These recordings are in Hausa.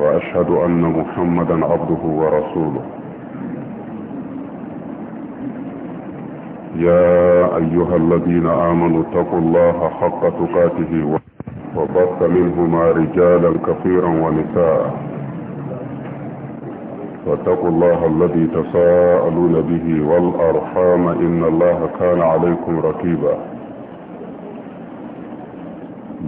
وأشهد أن محمدا عبده ورسوله يا أيها الذين آمنوا اتقوا الله حق تقاته وبث منهما رجالا كثيرا ونساء واتقوا الله الذي تساءلون به والأرحام إن الله كان عليكم رقيبا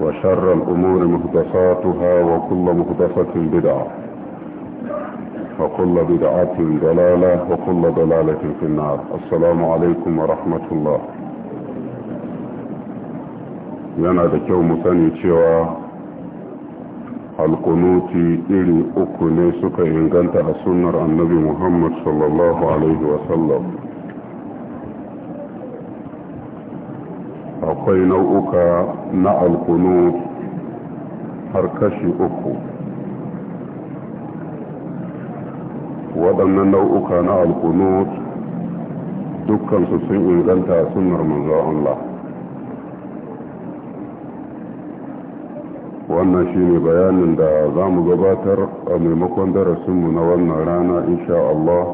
وشر الأمور مهدساتها وكل مهدسة بدعة وكل بدعة ضلالة وكل ضلالة في النار السلام عليكم ورحمة الله ينادك يوم ثاني تشوى القنوط إلي أكني سكا إن قلت أسنر النبي محمد صلى الله عليه وسلم akwai nau'uka na alkunu har kashi uku waɗannan nau'uka na alkunu dukkansu sun inganta a sunar manzon Allah wannan shine bayanin da za mu gabatar a maimakon darasinmu na wannan rana insha Allah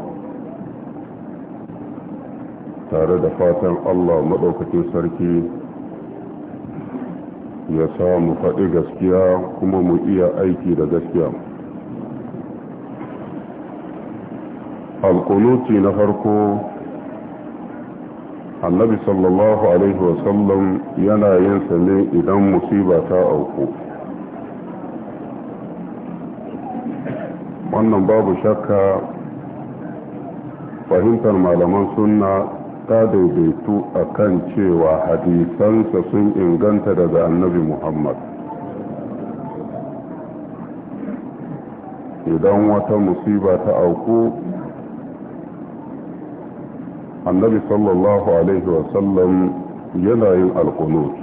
tare da fatan Allah maɗaukacin sarki ya sa mu faɗi gaskiya kuma mu iya aiki da gaskiya alkunuti na farko annabi sallallahu alaihi wasallam yana yin sa ne idan musiba ta auku wannan babu shakka fahimtar malaman sunna ta daidaitu a kan cewa hadisansa sun inganta daga annabi muhammad idan wata musiba ta auku annabi sallallahu alaihi wasallam yana yin alkunut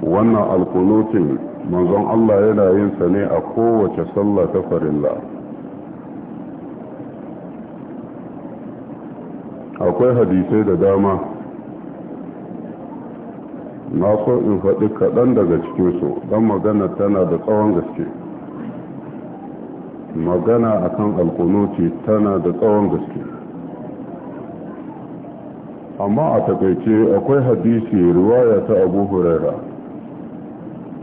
wannan alkunutin manzon allah yana yin sa ne a kowace sallah ta farin la'a. akwai hadisai da dama na so in faɗi kaɗan daga cikinsu don magana tana da tsawon gaske magana akan alkunuti tana da tsawon gaske amma a takaice akwai hadisi riwaya ta abu huraira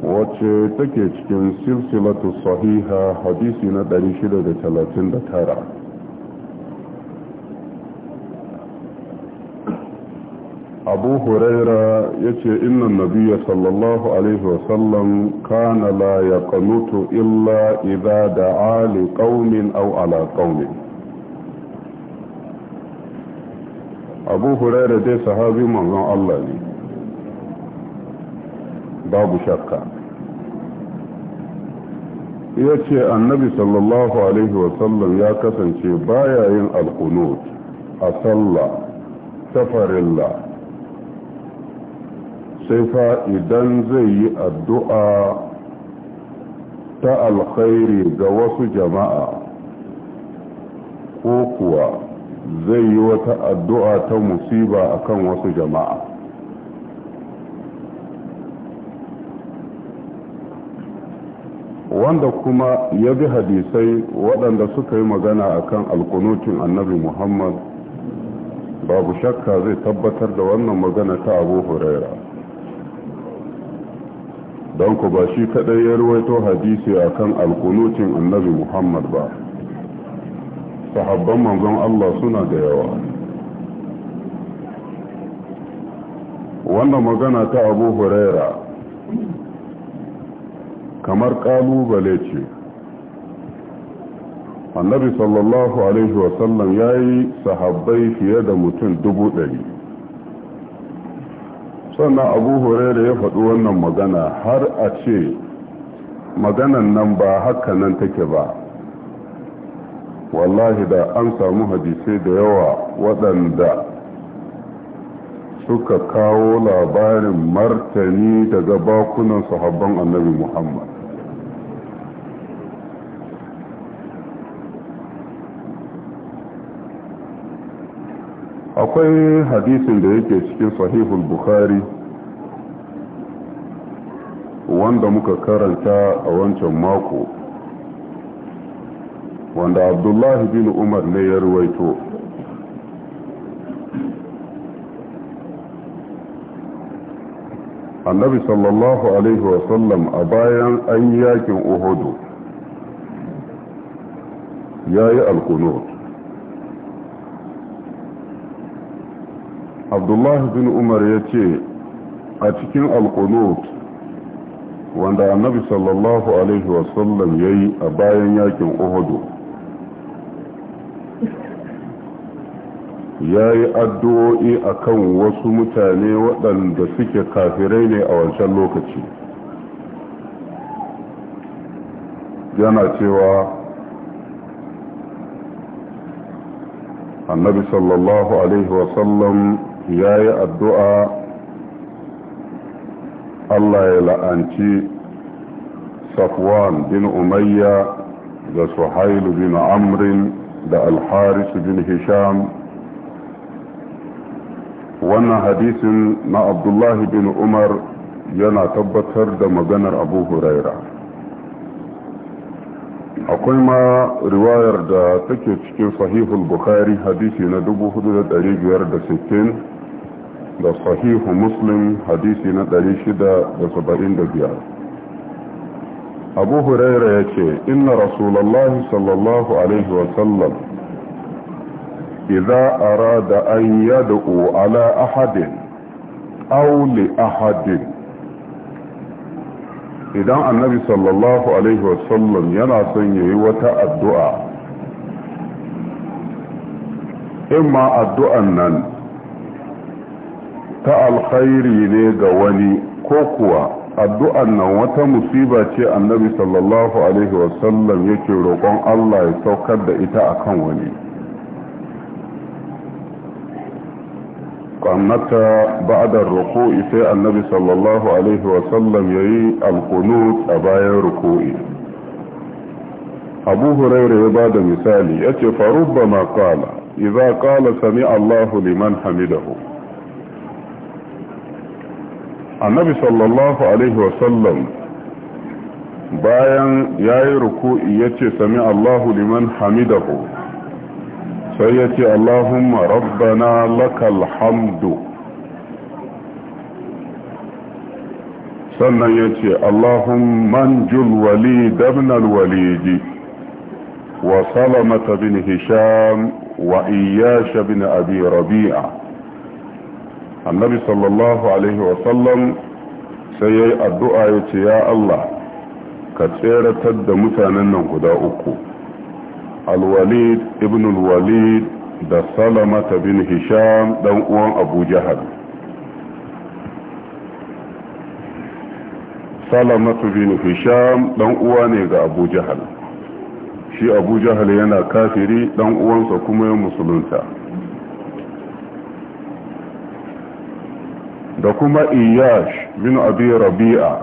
wacce take cikin silsilatu sahiha hadisi na 639 abu huraira ya ce innan nabiya sallallahu alaihi wasallam kana la ya kanutu illa idha da li qaumin au ala qaumin abu huraira dai sahabi manzon Allah ne babu shakka ya ce annabi sallallahu alaihi wasallam ya kasance baya yin alkunut a sallah safarilla sai fa idan zai yi addu'a ta alkhairi ga wasu jama'a ko kuwa zai yi wata addu'a ta musiba akan wasu jama'a wanda kuma ya bi hadisai waɗanda suka yi magana akan alkunutun annabi muhammad babu shakka zai tabbatar da wannan magana ta abu huraira don ku ba shi kadai ya ruwaito hadisi a kan alkunutin annabi muhammad ba sahabban manzon allah suna da yawa wannan magana ta abu huraira kamar kalubale ce annabi sallallahu alaihi wasallam ya yi sahabbai fiye da mutum dubu ɗari sannan abu huraira ya faɗi wannan magana har a ce maganan nan ba haka nan take ba wallahi da an samu hadisai da yawa waɗanda suka kawo labarin martani daga bakunan sahabban annabi muhammad akwai hadisin da yake cikin sahihul bukhari wanda muka karanta a wancan mako wanda abdullahi bin umar ne ya ruwaito annabi sallallahu alaihi wasallam a bayan an yakin uhudu ya yi alkunot abdullahi bin umar ya ce a cikin alkunut wanda annabi sallallahu alaihi wasallam ya yi a bayan yakin uhudu ya yi addu'o'i a kan wasu mutane waɗanda suke kafirai ne a wancan lokaci yana cewa annabi sallallahu alaihi wasallam ya yi addu'a Allah ya la'anci Safwan bin Umayya da Suhailu bin Amrin da Alharis bin Hisham wannan hadisin na Abdullahi bin Umar yana tabbatar da maganar Abu Huraira akwai ma riwayar da take cikin sahihul Bukhari hadisi na 4560 da sahihu muslim hadisi na 675 abu huraira ya ce inna rasulallah sallallahu alaihi wasallam ara da an yad'u ala ahadin auli li ahadin idan annabi sallallahu alaihi wasallam yana son yayi wata addu'a In ma addu'an nan ta alkhairi ne ga wani ko kuwa addu'an nan wata musiba ce annabi sallallahu alaihi wasallam yake roƙon Allah ya saukar da ita akan wani ƙannata ba'adar ruku'i sai annabi sallallahu alaihi wasallam ya yi alkunut a bayan ruku'i abu huraira ya ba da misali ya ce faru ba ma ƙala iza ƙala sami allahu liman hamidahu annabi sallallahu alaihi wasallam bayan ya yi ruku'i ya ce sami allahu liman hamidahu sai ya ce allahumma rabbana lakal hamdu sannan ya ce allahumman julwali dabnal walidi wa salamata bin hisham wa iyasha bin abi rabi'a annabi sallallahu alaihi sallam sai ya yi addu'a ya ce ya Allah ka tseratar da mutanen nan guda uku alwalid ibn alwalid da salamata bin hisham dan uwan abu jahal salamatu bin hisham dan uwa ne ga abu shi abu yana kafiri dan uwansa kuma ya musulunta da kuma iyash bin abi rabi'a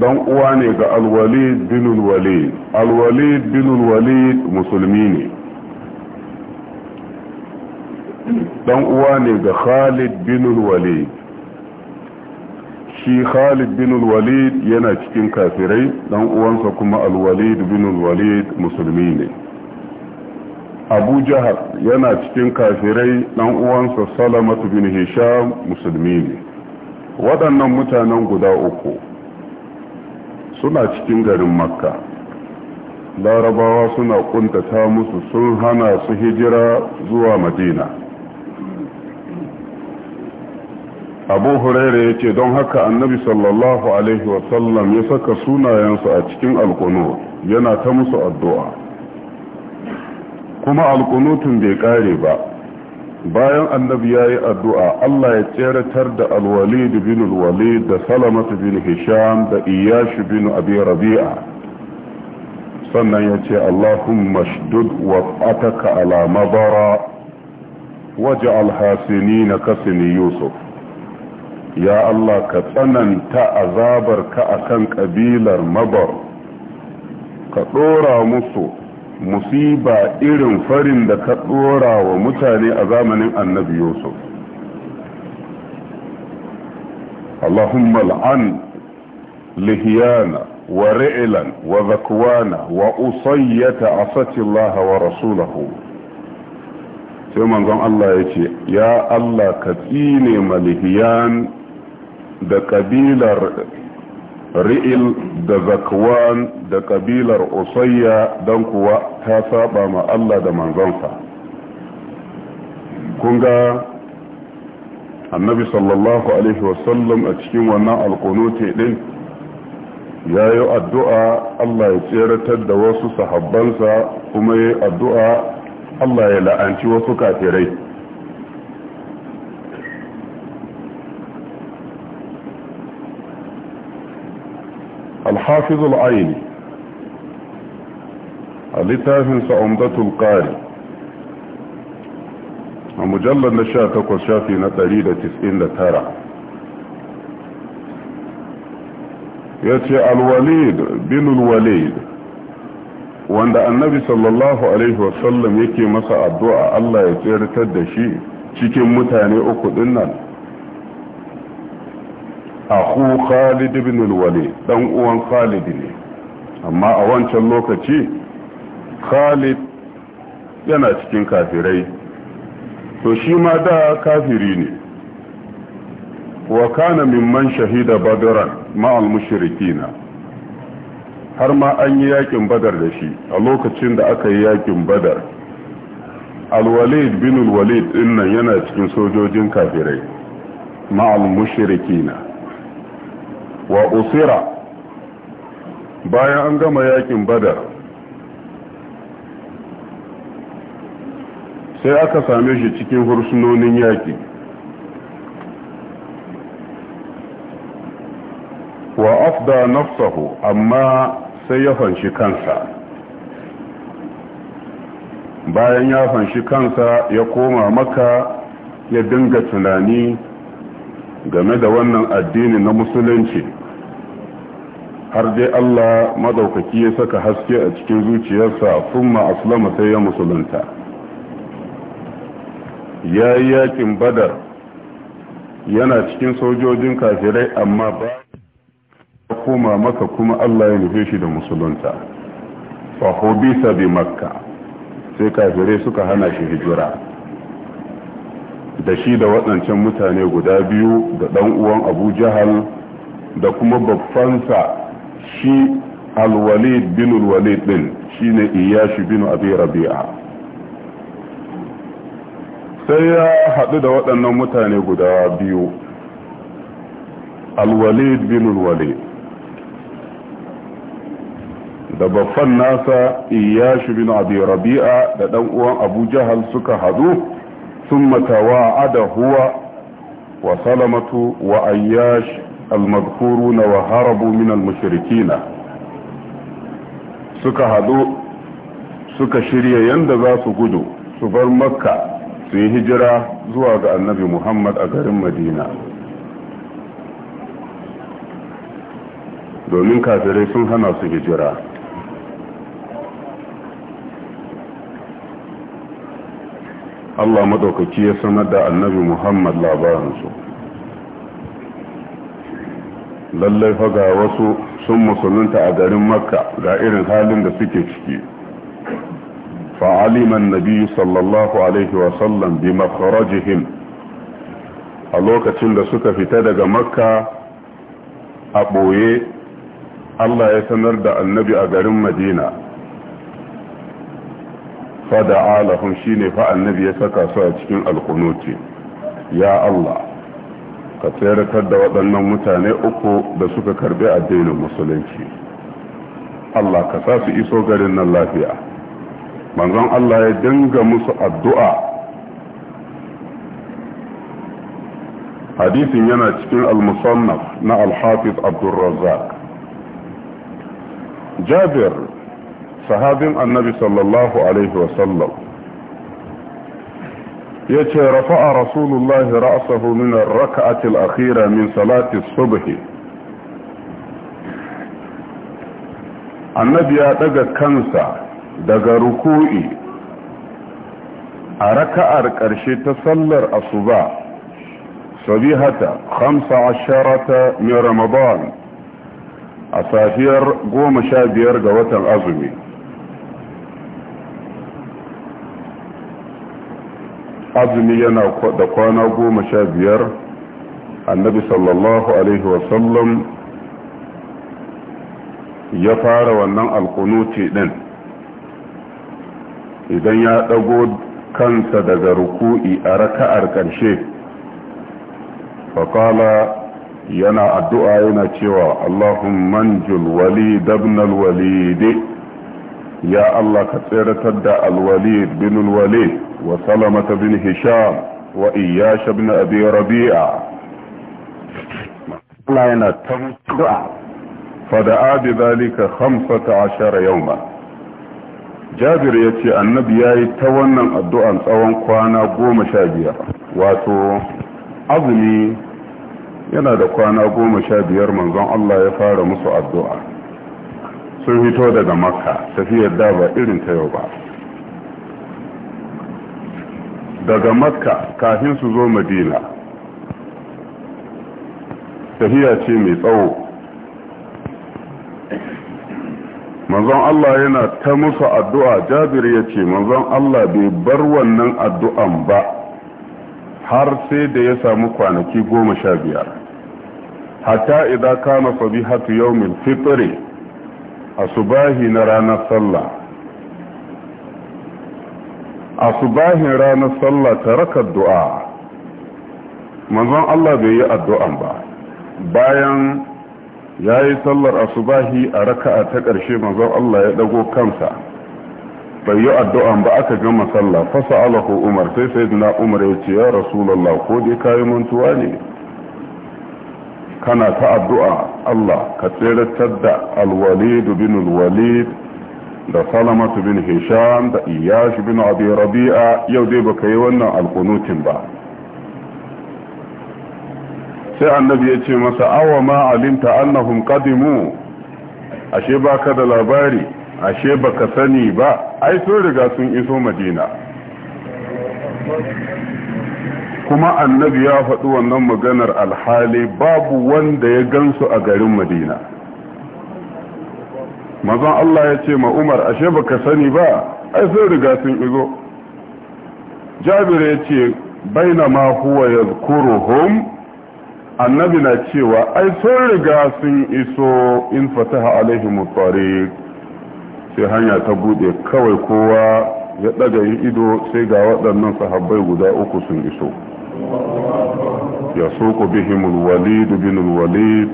dan uwa ne ga alwalid bin alwalid alwalid bin alwalid musulmi ne dan uwa ne ga khalid bin alwalid shi khalid bin alwalid yana cikin kafirai dan uwansa kuma alwalid bin alwalid musulmi ne abu jahar yana cikin kafirai ɗan uwansa salamatu bin hisham musulmi ne waɗannan mutanen guda uku suna cikin garin makka larabawa suna ƙuntata musu sun hana su hijira zuwa madina abu huraira ya ce don haka annabi sallallahu alaihi wasallam ya saka sunayensu a cikin al'ƙunu yana ta musu addu'a kuma alkunutun bai kare ba bayan annabi ya yi addu'a Allah ya tseratar da alwalid bin alwalid da salamatu bin hisham da iyashi bin abi rabi'a sannan ya ce Allahumma shdud wa ataka ala mabara waje alhasini na kasini yusuf ya Allah ka tsananta ka akan kabilar mabar ka ɗora musu musiba irin farin da ka tsora wa mutane a zamanin annabi yusuf اللهم العن لهيانا ورعلا وذكوانا وأصية عصت الله ورسوله sai manzon Allah ya ce ya Allah ka tsine ma malihiyan da kabilar ri'il da zakwan da kabilar usayya don kuwa ta saba ma Allah da manzonsa kun ga annabi sallallahu alaihi wasallam a cikin wannan alkunuti din ya yi addu'a Allah ya tseratar da wasu sahabbansa kuma ya yi addu'a Allah ya la'anci wasu kafirai alhafizul aini a littafinsa umdatul ƙari a mujallar na sha takwas shafi na ɗari da tis'in da tara ya ce alwalid binul walid wanda annabi sallallahu alaihi wasallam yake masa addu'a Allah ya tsirtar da shi cikin mutane uku dinnan akhu Khalid ibn al dan uwan Khalid ne amma a wancan lokaci Khalid yana cikin kafirai to shi ma da kafiri ne wa kana mimman shahida badran ma'al mushrikina har ma an yi yakin badar da shi a lokacin da aka yi yakin badar alwalid bin alwalid dinnan yana cikin sojojin kafirai ma'al mushrikina wa usira bayan an gama yakin badar sai aka same shi cikin hursunonin yaki wa afda nafsahu amma sai ya fanshi kansa bayan ya fanshi kansa ya koma maka ya dinga tunani game da wannan addini na musulunci har dai Allah madaukaki ya saka haske a cikin zuciyarsa sun aslama sai ya musulunta ya yi yakin badar yana cikin sojojin kafirai amma ba koma maka kuma Allah ya nufe shi da musulunta fa hubisa makka sai kafirai suka hana shi hijira da shi da waɗancan mutane guda biyu da ɗan uwan abu jahal da kuma babbansa shi alwalid bin alwalid din shine iyashi bin abi rabi'a sai ya haɗu da waɗannan mutane guda biyu alwalid bin alwalid da babban nasa iyashi bin abi rabi'a da ɗan uwan abu jahal suka haɗu sun matawa da huwa wa salamatu wa ayyash المذكورون وهربوا من المشركين suka hadu suka shirya yanda za su gudu su bar makka su yi hijira zuwa ga annabi muhammad a garin madina domin kafirai sun hana su hijira Allah maɗaukaki ya sanar da annabi Muhammad labaransu lallai fa ga wasu sun musulunta a garin makka ga irin halin da suke ciki فعلم النبي صلى الله عليه وسلم بمخرجهم a lokacin da suka fita daga makka a ɓoye Allah ya sanar da annabi a garin madina fada alahun shine fa annabi ya saka su a cikin alkunuti ya Allah ka tseratar da waɗannan mutane uku da suka karbi addinin musulunci Allah ka sa su iso garin nan lafiya manzon Allah ya dinga musu addu'a hadisin yana cikin al-musannaf na al-hafiz abdurrazzaq jabir sahabin annabi sallallahu alaihi wasallam يتي رفع رسول الله رأسه من الركعة الأخيرة من صلاة الصبح النبي أدقى كنسا دقى ركوئي أركع الكرشي تسلر أصباء صبيحة خمس عشرة من رمضان أصافير قوم شابير قوة الأظمين azumi yana da kwana goma sha biyar annabi sallallahu alaihi wasallam ya fara wannan alkunuti din idan ya dago kansa daga ruku'i a raka'ar ƙarshe faƙala yana addu'a yana cewa allahun manjul wali dabnal ya allah ka tseratar da alwali binul وسلمة بن هشام وإياش بن أبي ربيعة لا ينتم فدعا بذلك خمسة عشر يوما جابر يتي النبي ياي الدعاء tsawon kwana goma sha biyar wato azumi yana da kwana goma sha biyar manzon Allah ya fara musu addu'a sun hito daga makka tafiyar da ba irin ta yau ba daga makka kafin su zo madina tafiya ce mai tsawo manzon Allah yana ta musu addu'a jabir ya ce manzon Allah bai bar wannan addu'an ba har sai da ya samu kwanaki goma sha biyar hatta idan kama sabi hatu yau min fitri a subahi na ranar sallah a subahin ranar sallah ta raka du'a manzon Allah bai yi addu'an ba bayan ya yi sallar subahi a raka'a ta ƙarshe manzon Allah ya dago kansa bai yi addu'an ba aka gama sallah fasa alahu umar sai sai na umar ya ce ya rasulallah ko dai kayi mantuwa ne kana ta addu'a Allah ka tseratar da alwalidu bin alwalid da salamatu bin hisham da iyash bin abi rabi'a yau dai baka yi wannan alkunutin ba sai annabi ya ce masa awa ma alimta annahum qadimu ashe baka da labari ashe baka sani ba ai sun riga sun iso madina kuma annabi ya faɗi wannan maganar alhali babu wanda ya gansu a garin madina mazan Allah ya ce ma Umar ashe baka sani ba ai sun riga sun izo Jabir ya ce ma huwa yadhkuruhum annabi na cewa ai sun riga sun iso in fataha alaihim tariq sai hanya ta bude kawai kowa ya daga yin ido sai ga waɗannan sahabbai guda uku sun iso ya so bihim alwalid bin alwalid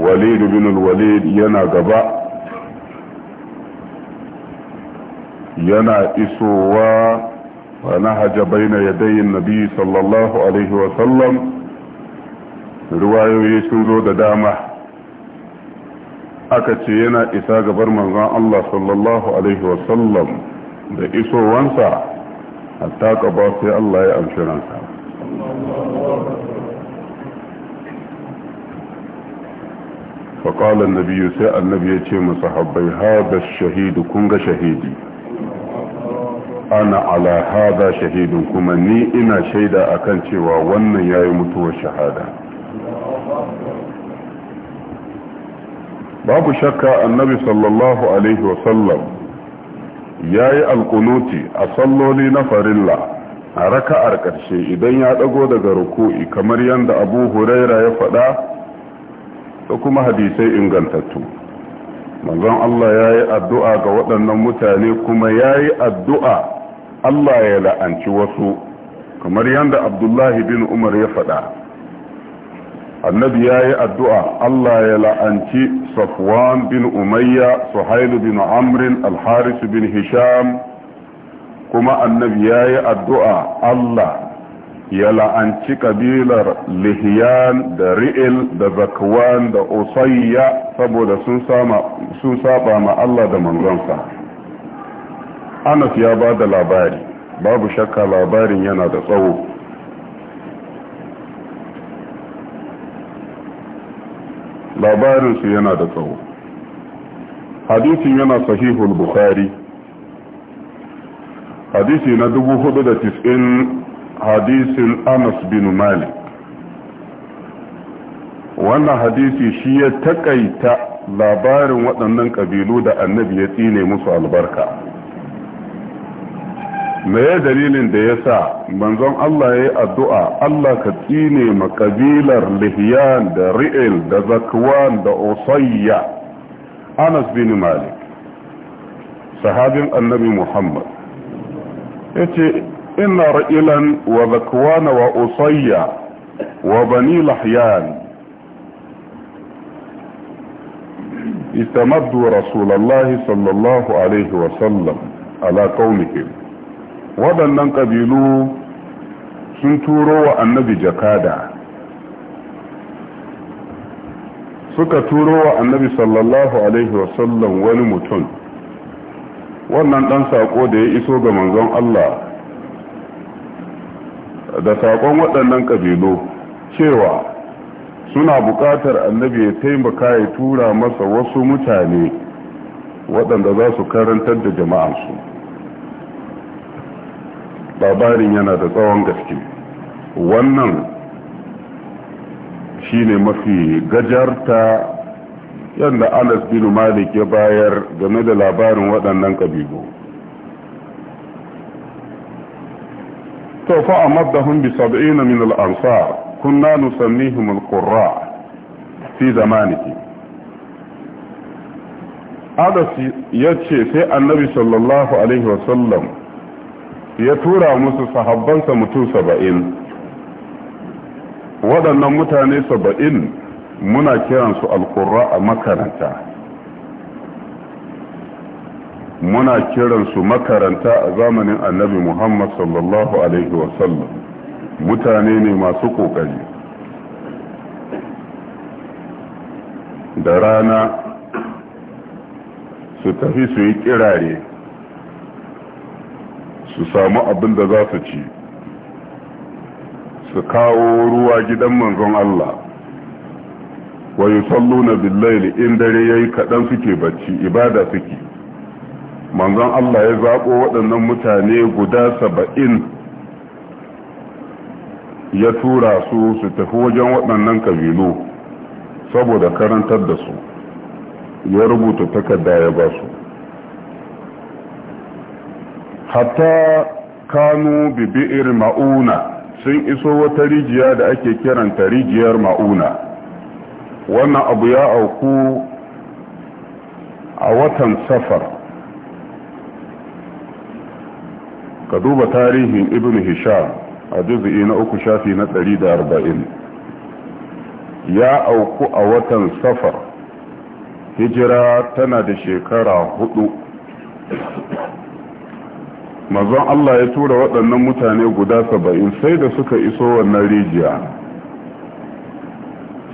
walid bin walid yana gaba yana isowa wa nahaja baina yadayin nabi sallallahu alaihi wa sallam riwayoyi sun zo da dama aka ce yana isa gabar manzon Allah sallallahu alaihi wa sallam da isowansa hatta ba sai Allah ya amshi ransa فقال النبي سأل النبي يتيم صحابي هذا الشهيد كنغ شهيدي ana ala hada shahidun kuma ni ina shaida akan cewa wannan yayi mutuwar shahada babu shakka annabi sallallahu alaihi wasallam yayi alkunuti a salloli na farilla a raka'ar ƙarshe idan ya ɗago daga ruku'i kamar yadda abu huraira ya faɗa da kuma hadisai ingantattu manzon Allah ya yi addu'a ga waɗannan mutane kuma ya yi addu'a Allah ya la'anci wasu kamar yadda abdullahi bin umar ya faɗa annabi ya yi addu'a Allah ya la'anci safwan bin umayya suhailu bin amrin alharisu bin hisham kuma annabi ya yi addu'a Allah ya la'anci kabilar lihiyan da ri'il da zakwan da usayya saboda sun saba ma Allah da manzonsa. anas ya ba da labari babu shakka labarin yana da tsawo labarinsu yana da tsawo hadisin yana sahihul bukhari hadisi na 490 hadisin anas bin malik wannan hadisi shi ya takaita labarin waɗannan ƙabilu da annabi ya tsine musu albarka me dalilin da ya sa manzon Allah ya yi addu'a Allah ka tsine makabilar kabilar lihiyan da ri'il da zakwan da osayya anas bin malik sahabin annabi muhammad ya ce ina ra'ilan wa zakwan wa osayya wa bani lahiyan استمدوا رسول sallallahu alaihi الله عليه وسلم على waɗannan ƙabilu sun turo wa annabi jakada suka turo wa annabi sallallahu alaihi wasallam wani mutum wannan ɗan saƙo da ya iso ga manzon Allah da saƙon waɗannan ƙabilu cewa suna buƙatar annabi ya taimaka ya tura masa wasu mutane waɗanda za su karantar da jama'ansu labarin yana da tsawon gaske wannan shine mafi gajarta yadda anas bin malik ya bayar game da labarin waɗannan ƙabilu to fa amaddahum bi na min al-ansar kunna nusannihim al-qurra fi zamaniki ya ce sai annabi sallallahu alaihi wasallam ya tura musu sahabbansa mutum saba'in waɗannan mutane saba'in muna kiransu alƙurra a makaranta muna kiransu makaranta a zamanin annabi muhammad sallallahu alaihi wasallam mutane ne masu ƙoƙari da rana su tafi su yi kirare su samu abin da za su ci su kawo ruwa gidan manzon Allah wa yusalluna billaili in dare yayi kaɗan suke bacci ibada suke manzon Allah ya zabo waɗannan mutane guda saba'in ya tura su su tafi wajen waɗannan kabilu saboda karantar da su ya rubuta takarda ya ba su hatta kanu bi bi'ir ma'una sun iso wata rijiya da ake kiranta rijiyar ma'una wannan abu ya auku a watan safar ka duba tarihin ibn hisham a juzi'i na uku shafi na 140 ya auku a watan safar hijira tana da shekara hudu manzon Allah ya tura waɗannan mutane guda saba'in sai da suka iso wannan rijiya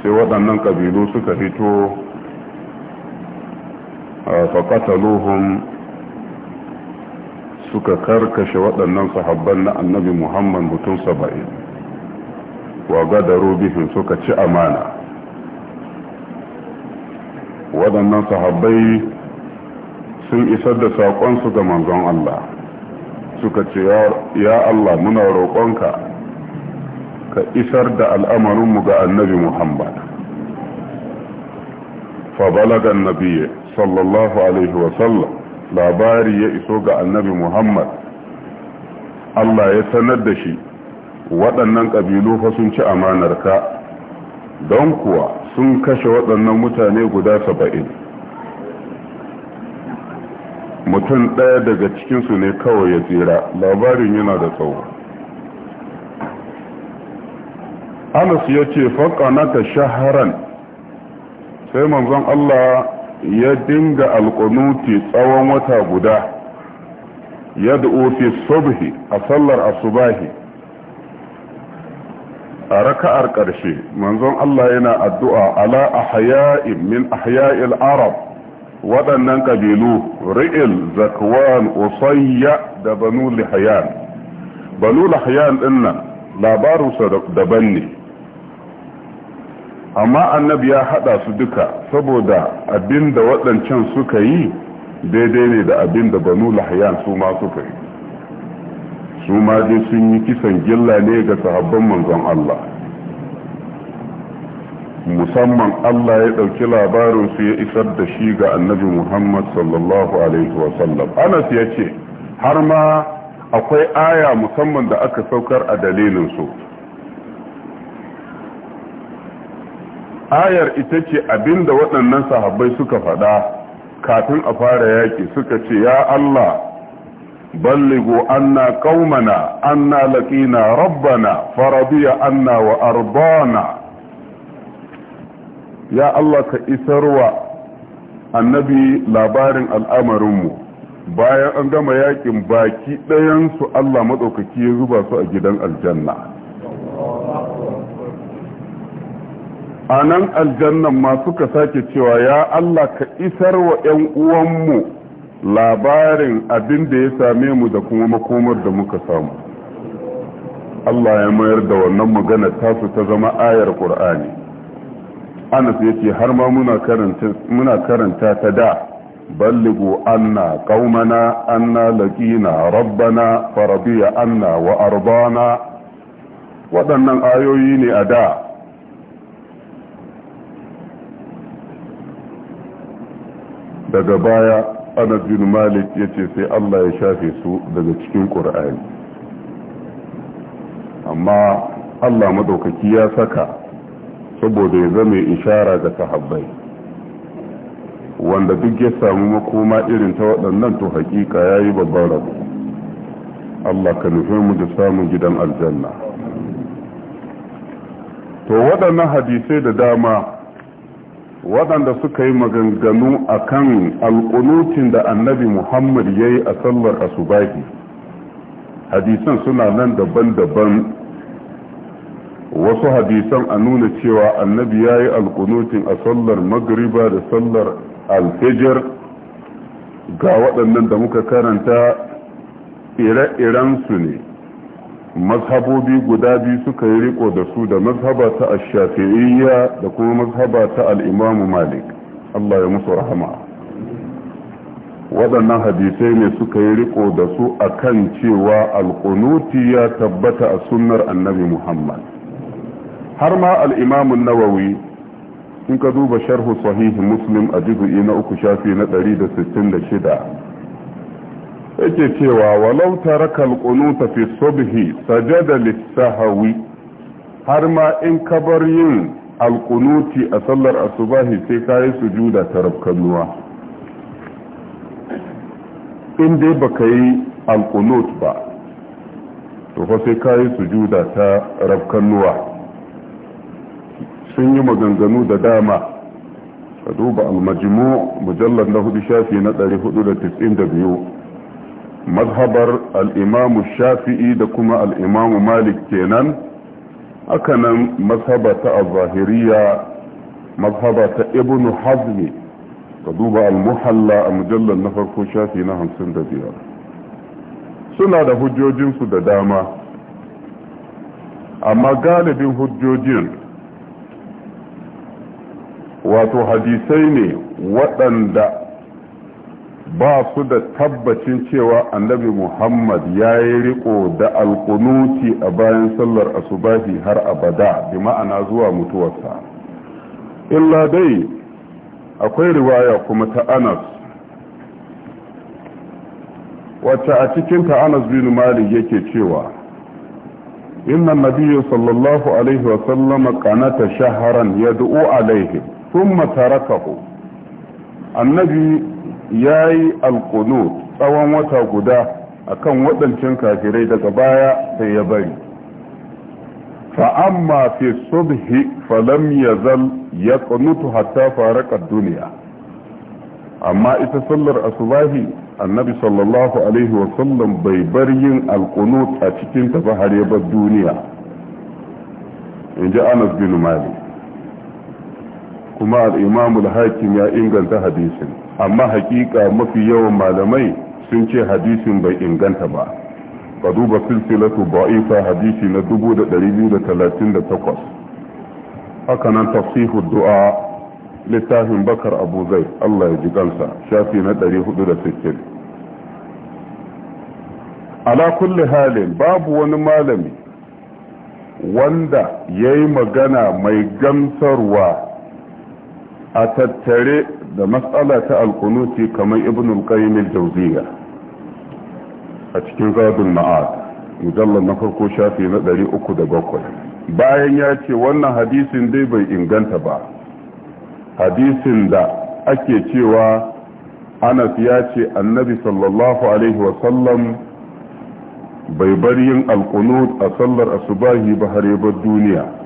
sai waɗannan ƙabilu suka fito a faƙataluhun suka karkashe waɗannan sahabban na annabi muhammad mutum saba'in wa gadaru bihin suka ci amana waɗannan sahabbai sun isar da saƙonsu ga manzon Allah suka ce ya Allah muna roƙonka ka isar da al'amarinmu ga annabi Muhammad fabalagan nabiye sallallahu alaihi wasallam labari ya iso ga annabi Muhammad Allah ya sanar da shi waɗannan ƙabilu fa sun ci amanarka don kuwa sun kashe waɗannan mutane guda saba'in mutum ɗaya daga cikinsu ne kawai ya tsira labarin yana da tsawo anas ya ce faƙanata shaharan sai manzon allah ya dinga alƙunuti tsawon wata guda ya fi subhi a sallar asubahi a raka'ar ƙarshe manzon allah yana addu'a ala ahaya'in min ahya'il arab waɗannan ƙabilu ri'il zakwan usayya da banu lihayan banu lihayan din nan sa daban ne amma annabi ya haɗa su duka saboda abinda waɗancan suka yi daidai ne da abinda banu lihayan su ma suka yi su ma dai sun yi kisan gilla ne ga sahabban manzon Allah musamman Allah ya ɗauki labarin su ya isar da shi ga annabi Muhammad sallallahu alaihi wasallam Anas ya ce har ma akwai aya musamman da aka saukar a dalilin su ayar ita ce abinda waɗannan sahabbai suka faɗa kafin a fara yaƙi suka ce ya Allah balligo anna qaumana anna laqina rabbana faradiya anna wa arbana ya Allah ka isarwa annabi labarin al'amarinmu bayan an gama yakin baki ɗayansu Allah maɗaukaki ya zuba su a gidan aljanna a nan aljannan ma suka sake cewa ya Allah ka isarwa 'yan uwanmu labarin abin da ya same mu da kuma makomar da muka samu Allah ya mayar da wannan magana tasu ta zama ayar ƙur'ani anas ya ce har ma muna karanta ta da balligu anna qaumana anna laqina rabbana farabiya anna wa arbana waɗannan ayoyi ne a da daga baya anas bin malik ya ce sai allah ya shafe su daga cikin ƙur'ani amma allah madaukaki ya saka saboda ya zama ishara ga sahabbai wanda duk ya samu makoma irin ta waɗannan to hakika ya yi babban rabu Allah ka nufi mu da samun gidan aljanna to waɗannan hadisai da dama waɗanda suka yi maganganu a kan alƙunutin da annabi muhammad ya yi a sallar asubahi hadisan suna nan daban-daban wasu hadisan a nuna cewa annabi ya yi alkunutin a sallar magriba da sallar alfijir ga waɗannan da muka karanta ire iren su ne mazhabobi guda biyu suka yi riko da su da mazhaba ta ashafi'iyya da kuma mazhaba ta al'imamu malik Allah ya musu rahama waɗannan hadisai ne suka yi riko da su akan cewa alkunuti ya tabbata a sunnar annabi muhammad har ma al'imamun nawawi in ka duba sharhu sahihi muslim a juzu'i na uku shafi na 166 yake cewa walau tarakal qunuta fi subhi sajada lis-sahwi har ma in ka bar yin alqunuti a sallar asubahi sai ka yi sujuda ta rabkanuwa in dai baka yi alqunut ba to fa sai ka yi sujuda ta rabkanuwa sun yi maganganu da dama ka duba almajimu mujallar na hudu shafi na 492 mazhabar al'imamu shafi'i da kuma al'imamu malik kenan hakanan mazhaba ta al-zahiriya mazhaba ta ibnu hazmi ka duba al-muhalla a mujallar na farko shafi na 55 suna da hujjojinsu da dama amma galibin hujjojin wato hadisai ne waɗanda ba su da tabbacin cewa annabi muhammad ya yi riko da alkunuti a bayan sallar asubahi har abada bi ma'ana zuwa mutuwarsa illa dai akwai riwaya kuma ta anas wacce a cikin ta anas bin malik yake cewa inna nabiyyu sallallahu alaihi wa sallama shaharan ya yad'u alaihim ثُمَّ تَرَكَهُ annabi ya yi alƙulu tsawon wata guda a kan waɗancan kafirai daga baya sai ya bari fa’amma fi subhi falam ya zal ya ƙunutu hatta faraka duniya amma ita sallar asubahi annabi sallallahu alaihi wasallam bai bar yin alkunut a cikin ta har duniya in ji anas bin malik kuma al-imam hakim ya inganta hadisin amma hakika mafi yawan malamai sun ce hadisin bai inganta ba ka duba silsilatu ba'ifa hadisi na 2238 haka nan tafsihu du'a littafin bakar abu zai Allah ya ji gansa shafi na 460 ala kulli halin babu wani malami wanda ya yi magana mai gamsarwa a tattare da matsala ta alkunuti kamar ibn al-qayyim al-jawziya a cikin zadul ma'ad mujallal na farko shafi na 307 bayan ya ce wannan hadisin dai bai inganta ba hadisin da ake cewa anas ya ce annabi sallallahu alaihi bai bar yin alkunut a sallar asubahi ba har yabar duniya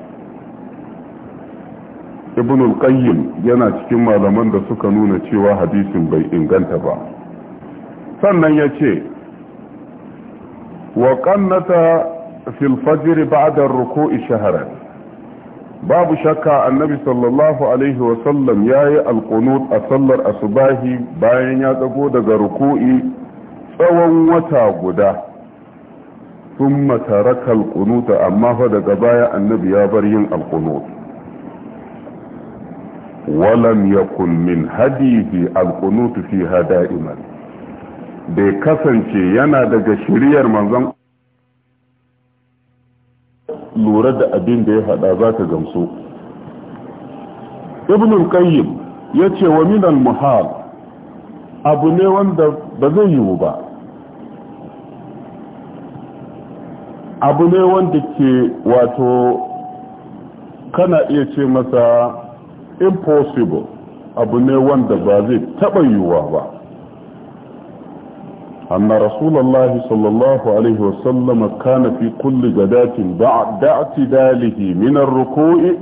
ibn qayyim yana cikin malaman da suka nuna cewa hadisin bai inganta ba sannan ya ce wa qannata fil fajr ba'da ruku'i shahran babu shakka annabi sallallahu alaihi wa sallam yayi alqunut a sallar asubahi bayan ya tsago daga ruku'i tsawon wata guda sun ترك القنوت amma fa daga baya annabi ya bar yin alqunut walam yakun min hadihi alqunutu fiha da'iman bai kasance yana daga shiriyar manzon lura da abin da ya hada za ka gamsu ibn al ya yace wa min al-muhal abu ne wanda ba zai yiwu ba abu ne wanda ke wato kana iya ce masa impossible abu ne wanda ba zai taɓa yiwuwa ba anna Rasulallah sallallahu alaihi wasallama kana fi kulli gadatin da'ati dalihi min ruku'i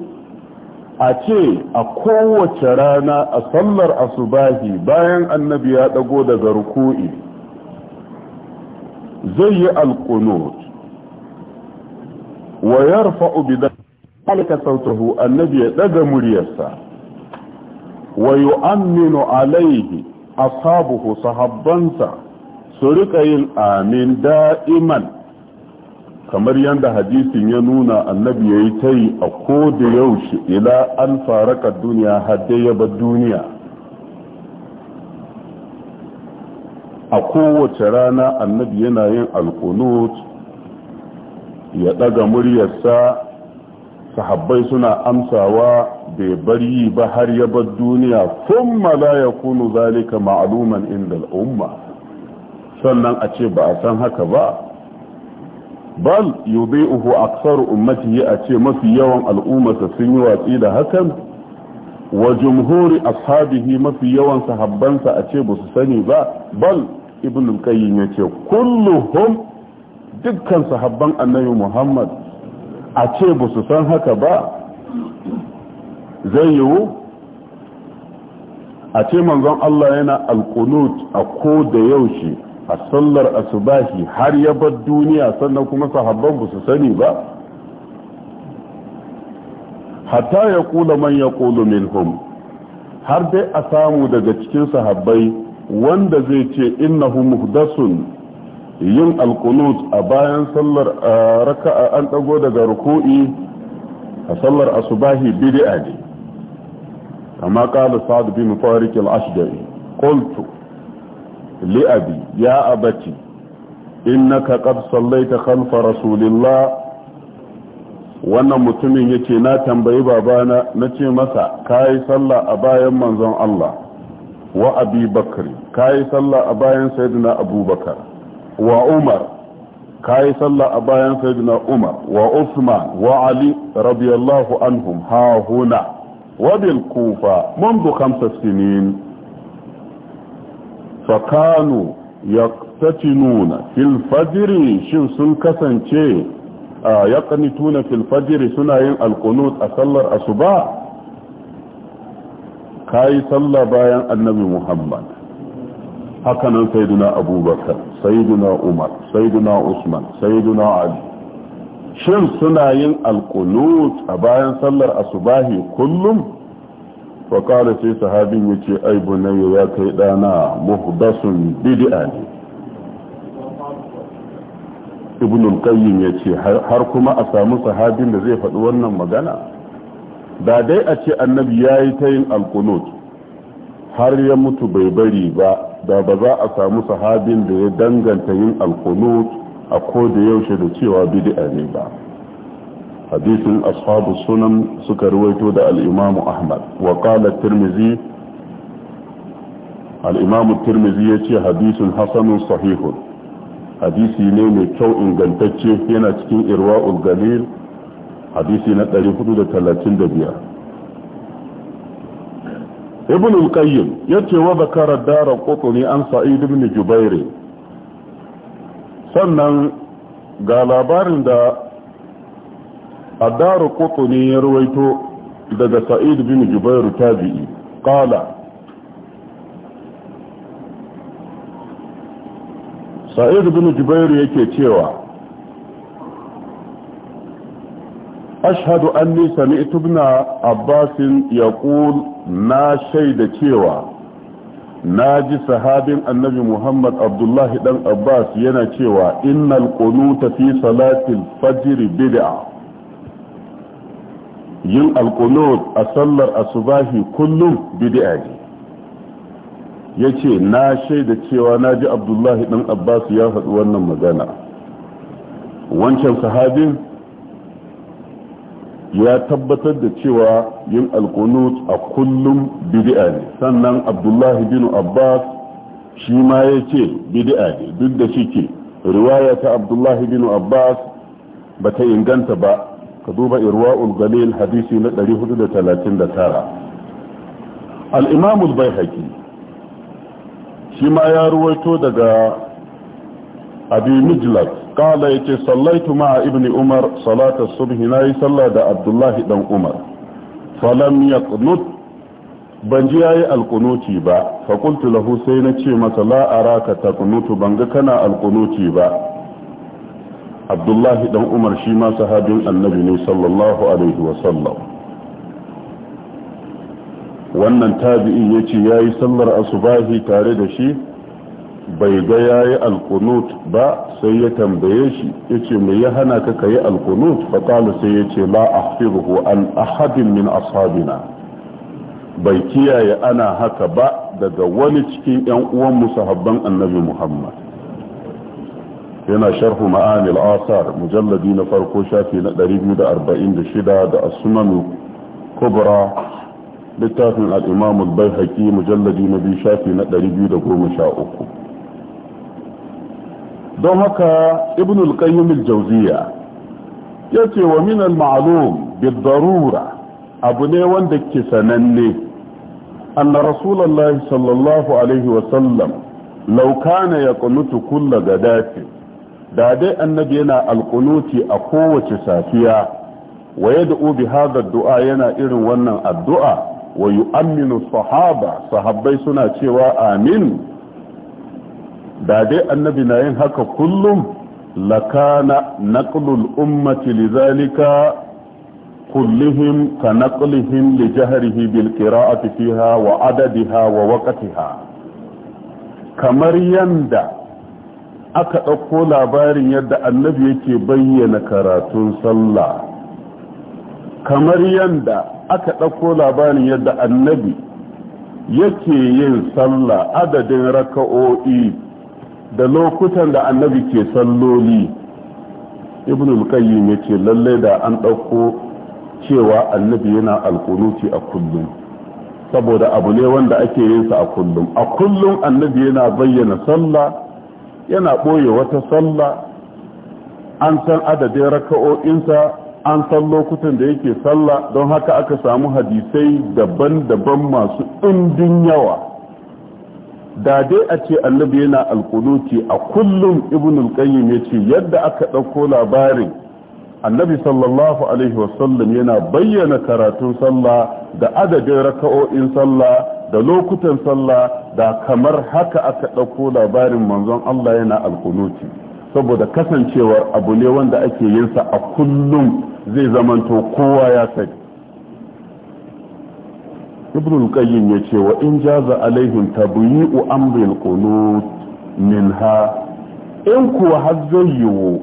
a ce a kowace rana a sallar asubahi bayan annabi ya dago daga ruku'i zai yi alqunut wa yarfa'u bi dhalika sautahu annabi ya daga muryarsa wa aminu alaihi ashabuhu sahabbansa su riƙa yin amin da'iman kamar yadda hadisin ya nuna annabi ya yi ta yi a koda yaushe ila an faraka duniya dai ya bar duniya a kowace rana annabi yana yin alkunut ya ɗaga muryarsa sahabbai suna amsawa bai bari ba har ya bar duniya thumma kunu yakunu zalika ma'luman inda al'umma sannan a ce ba a san haka ba bal uhu aksar ummatihi a ce mafi yawan al'ummata sun yi watsi da hakan wa jumhuri ashabihi mafi yawan sahabbansa a ce ba su sani ba bal ibn al-qayyim yace kulluhum dukkan sahabban annabi Muhammad a ce ba su san haka ba zai yiwu a ce manzon Allah yana alkunut a ko da yaushe a sallar asubahi har ya bar duniya sannan kuma sahabban ba su sani ba hatta ya kula man ya kula minhum har dai a samu daga cikin sahabbai wanda zai ce innahu muhdasun yin alkunut a bayan sallar raka'a an ɗago daga ruku'i a sallar asubahi bid'a ne kama kala sa'ad bin farik al-ashdari qultu li abi ya abati innaka qad sallaita khalfa rasulillah wannan mutumin yace na tambayi babana nace masa kayi sallah a bayan manzon Allah wa abi bakri sallah a bayan sayyidina abubakar wa umar ka yi sallah a bayan sayyidina umar wa usman wa ali radiyallahu anhum ha huna wa bil kufa منذ خمس سنين فكانوا يقتتنون في الفجر شن سن كسانچه يقنتون في الفجر سنا القنوت اصلر الصبح kai sallah bayan annabi muhammad haka nan sayyiduna abubakar sayyiduna umar sayyiduna usman sayyiduna ali shin suna yin alkunut a bayan sallar asubahi kullum fa qala sai sahabin ai bunayya ya kai dana muhdasun bid'a ne ibn al-qayyim yace har kuma a samu sahabin da zai faɗi wannan magana ba dai a ce annabi yayi ta yin alkunut har ya mutu bai bari ba da ba za a samu sahabin da ya danganta yin alkunut a koda yaushe da cewa bid'a ne ba hadisin ashabu sunan suka ruwaito da al'imamu imamu ahmad wa qala tirmizi al-imamu tirmizi ce hadisin hasanun sahihun hadisi ne mai kyau ingantacce yana cikin irwa'ul galil hadisi na 435 ibn al-qayyim yace wa zakara dara qutni an sa'id ibn jubair sannan ga labarin da addaru qutni ya ruwaito daga sa'id ibn jubair tabi'i qala sa'id ibn jubair yake cewa أشهد أني سمعت ابن عباس يقول na shaida cewa na ji sahabin annabi muhammad abdullahi dan abbas yana cewa innal qunuta fi salatil fajr bid'a yin alkunut a sallar asubahi kullum bid'a ne yace na shaida cewa na ji abdullahi dan abbas ya faɗi wannan magana wancan sahabin ya tabbatar da cewa yin alkunut a kullum bid'a ne sannan abdullahi bin abbas shi ma ya ce bid'a ne duk da shi ke riwaya ta abdullahi bin abbas ba ta inganta ba ka duba irwa galil hadisi na 439 al-imamul bai shi ma ya ruwaito daga abi mijlad kala yace sallaitu ma'a ibni umar salata subhi nayi salla da abdullahi dan umar falam yaqnut ban ji yayi alqunuti ba fa qultu lahu sai na ce masa la araka taqnutu ban ga kana alqunuti ba abdullahi dan umar shi ma sahabin annabi ne sallallahu alaihi wa sallam wannan tabi'in yace yayi sallar asubahi tare da shi bai ga ya yi alkunut ba sai ya tambaye shi ya ce mai ya hana ka ka yi alkunut faƙalu sai ya ce la ahfiruhu an ahadin min ashabina bai kiyaye ana haka ba daga wani cikin yan uwan musahabban annabi muhammad yana sharhu ma'ani asar mujalladi na farko shafi na 246 da as kubra littafin al-imam al-baihaqi mujalladi na biyu shafi na 213 don haka ibn al-qayyim al-jawziya yace wa min al-ma'lum bid-darura abu ne wanda ke sananne anna rasulullahi sallallahu alaihi wa sallam law kana yaqnutu kullu gadati da dai annabi yana al alqunuti a kowace safiya wa yad'u bi hadha ad-du'a yana irin wannan addu'a wa yu'minu sahaba sahabbai suna cewa amin da dai annabi na yin haka kullum lakana naqlul ummati lidhalika kullihim ka naqlihim li jahrihi bil qira'ati fiha wa adadiha wa waqtiha kamar yanda aka ɗauko labarin yadda annabi yake bayyana karatun sallah kamar yadda aka ɗauko labarin yadda annabi yake yin sallah adadin raka'o'i da lokutan da annabi ke salloli ibn al-qayyim yace lalle da an dauko cewa annabi yana alqunuti a kullum saboda abu ne wanda ake yin sa a kullum a kullum annabi yana bayyana sallah yana boye wata sallah an san adadin raka'o'insa an san lokutan da yake sallah don haka aka samu hadisai daban-daban masu ɗimbin yawa da dai a ce annabi yana alkunuti a kullum ibnul qayyim yace yadda aka ɗauko labarin annabi sallallahu alaihi wasallam yana bayyana karatun sallah da adadin raka'o'in sallah da lokutan sallah da kamar haka aka ɗauko labarin manzon Allah yana alkunuti saboda kasancewar abu ne wanda ake yinsa a kullum zai zamanto kowa ya sani ابن القيم yace wa in jaza alaihim أمر amri منها qunut minha in kuwa har zai yiwu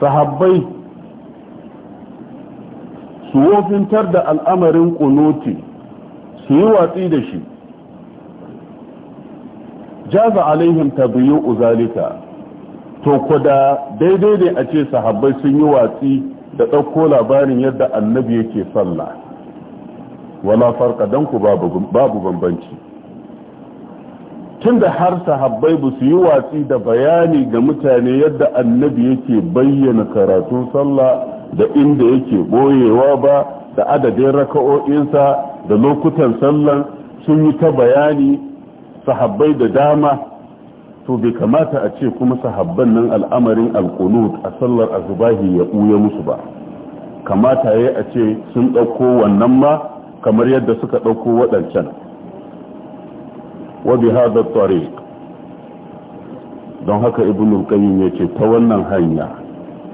sahabbai su wofintar da al'amarin kunuti su yi jaza to kuda daidai ne a ce sahabbai sun yi watsi da ɗauko labarin yadda annabi yake sallah wala farka dan ku babu bambanci tunda har sahabbai ba su yi watsi da bayani ga mutane yadda annabi yake bayyana karatun sallah da inda yake boyewa ba da adadin raka'o'insa da lokutan sallan sun yi ta bayani sahabbai da dama to bai kamata a ce kuma sahabban nan al'amarin alkunut a sallar azubahi ya ɓuya musu ba kamata ya a ce sun ɗauko wannan ma kamar yadda suka ɗauko waɗancan wabi hada tariq don haka ibn qayyim yace ta wannan hanya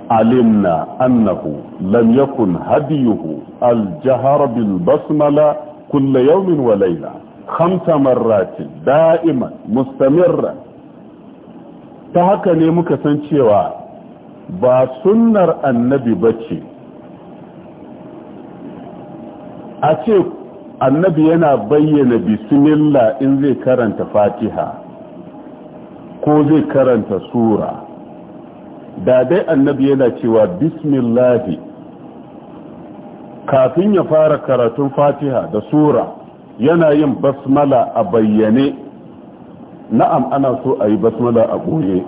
alimna annahu lam yakun hadiyuhu al-jahr bil basmala kull yawm wa layla khamsa marrat da'iman mustamirra ta haka ne muka san cewa ba sunnar annabi bace a ce annabi yana bayyana bismillah in zai karanta fatiha ko zai karanta sura da dai annabi yana cewa bismillahi kafin ya fara karatun fatiha da sura yana yin basmala a bayyane na'am ana so a yi basmala a goye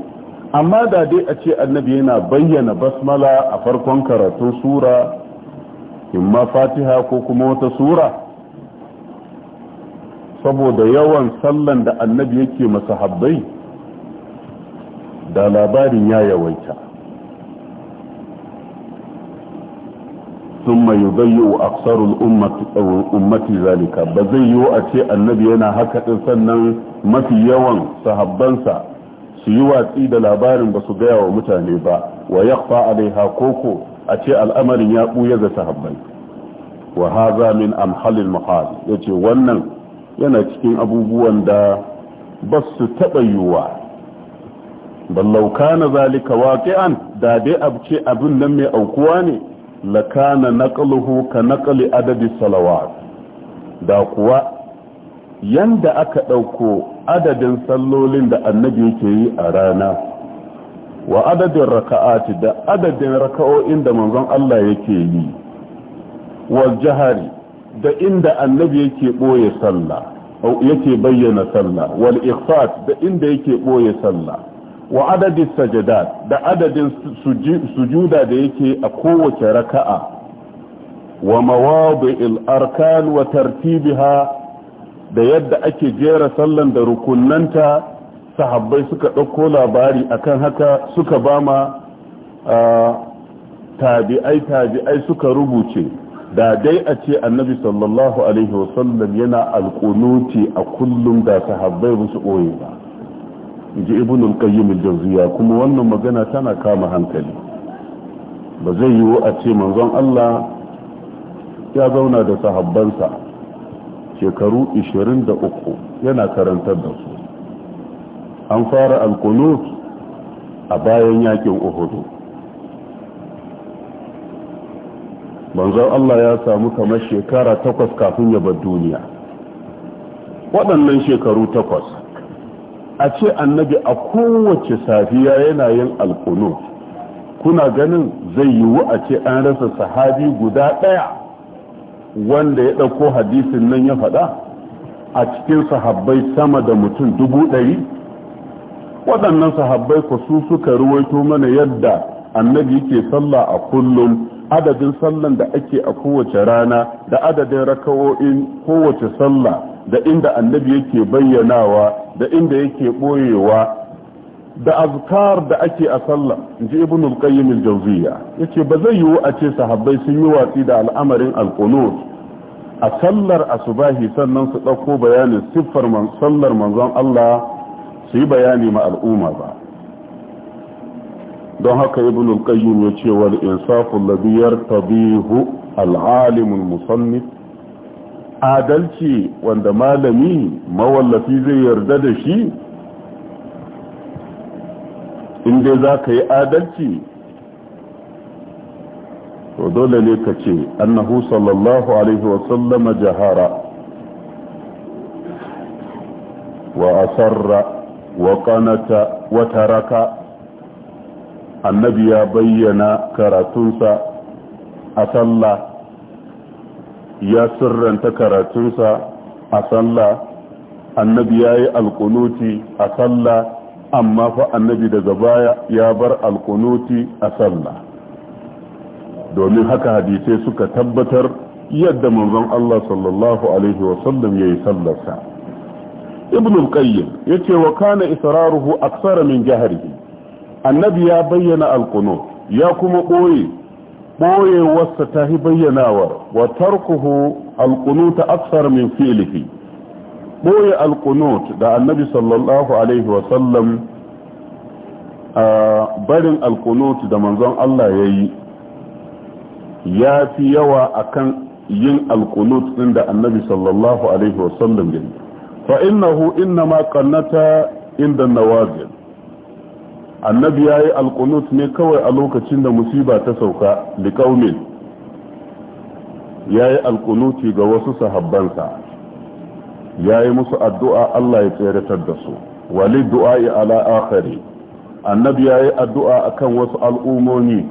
amma da dai a ce annabi yana bayyana basmala a farkon karatun sura in ma fatiha ko kuma wata sura saboda yawan sallan da annabi yake masahabbai da labarin ya yawaita sun mai zai aksarul ummati zalika ba zai yi a ce annabi yana haka ɗin sannan mafi yawan sahabbansa su yi watsi da labarin ba su gaya wa mutane ba wa dai alaiha koko a ce al'amarin ya ɓuya ga sahabbai wa haza min muhal yace wannan yana cikin abubuwan da ba su taɓa yiwuwa ballau kana zalika waqi'an da dai abce abin nan mai aukuwa ne lakana nakalhu ka naqli adadi salawat da kuwa yanda aka ɗauko adadin sallolin da annabi yake yi a rana wa adadin raka'ati da adadin raka'o'in da manzon Allah yake yi wal jahari da inda annabi yake boye sallah yake bayyana sallah wal ikhfat da inda yake boye sallah wa adadin sajadat da adadin sujuda da yake a kowace raka'a wa mawadi'il arkan wa tartibiha da yadda ake jera sallan da rukunnanta sahabbai suka ɗauko labari akan haka suka ba ma tabi'ai tabi'ai suka rubuce da dai a ce annabi sallallahu alaihi wasallam yana alkunuti a kullum da sahabbai ba su ɓoye ba ji ibnul qayyim jawziya kuma wannan magana tana kama hankali ba zai yiwu a ce manzon Allah ya zauna da sahabbansa shekaru 23 yana karantar da su an fara alkunut a bayan yakin uhudu manzon Allah ya samu kamar shekara takwas kafin ya bar duniya waɗannan shekaru takwas a ce annabi a kowace safiya yana yin alkunut kuna ganin zai yiwu a ce an rasa sahabi guda ɗaya wanda ya ɗauko hadisin nan ya faɗa a cikin sahabbai sama da mutum dubu ɗari waɗannan sahabbai ku su suka ruwaito mana yadda annabi yake sallah a kullum adadin sallan da ake a kowace rana da adadin rakawo'in kowace sallah da inda annabi yake bayyanawa da inda yake boyewa da azkar da ake a sallah inji ibn al-qayyim al yace ba zai yiwu a ce sahabbai sun yi watsi da al'amarin al-qunut a sallar asubahi sannan su dauko bayanin siffar sallar manzon Allah su yi bayani ma al'umma ba don haka ibn al-qayyim ya ce wal insafu alladhi yartabihu al-alim al-musannif adalci wanda malami mawallafi zai yarda da shi in dai za ka yi adalci to dole ne ka ce annahu sallallahu alaihi wasallama jahara wa asarra waƙanata wata raka annabi ya bayyana karatunsa a sallah ya sirranta karatunsa a sallah annabi ya yi alkunuti a sallah amma fa annabi daga baya ya bar alkunuti a sallah domin haka hadisai suka tabbatar yadda manzon Allah sallallahu alaihi wasallam ya yi sallarsa ibn al-qayyim yace wa kana israruhu aksara min jahrihi annabi ya bayyana al-qunut ya kuma boye boye wasa ta hi bayyanawar wa tarkuhu al-qunut aksara min fi'lihi boye al-qunut da annabi sallallahu alaihi wa sallam barin al-qunut da manzon Allah yayi ya fi yawa akan yin al-qunut din da annabi sallallahu alaihi wa sallam yayi fa innahu innama qannata inda nawazil annabi yayi alqunut ne kawai a lokacin da musiba ta sauka liqaumin yayi alqunuti ga wasu sahabbansa yayi musu addu'a Allah ya tseratar da su wali du'a'i ala akhari annabi yayi addu'a a kan wasu al'ummomi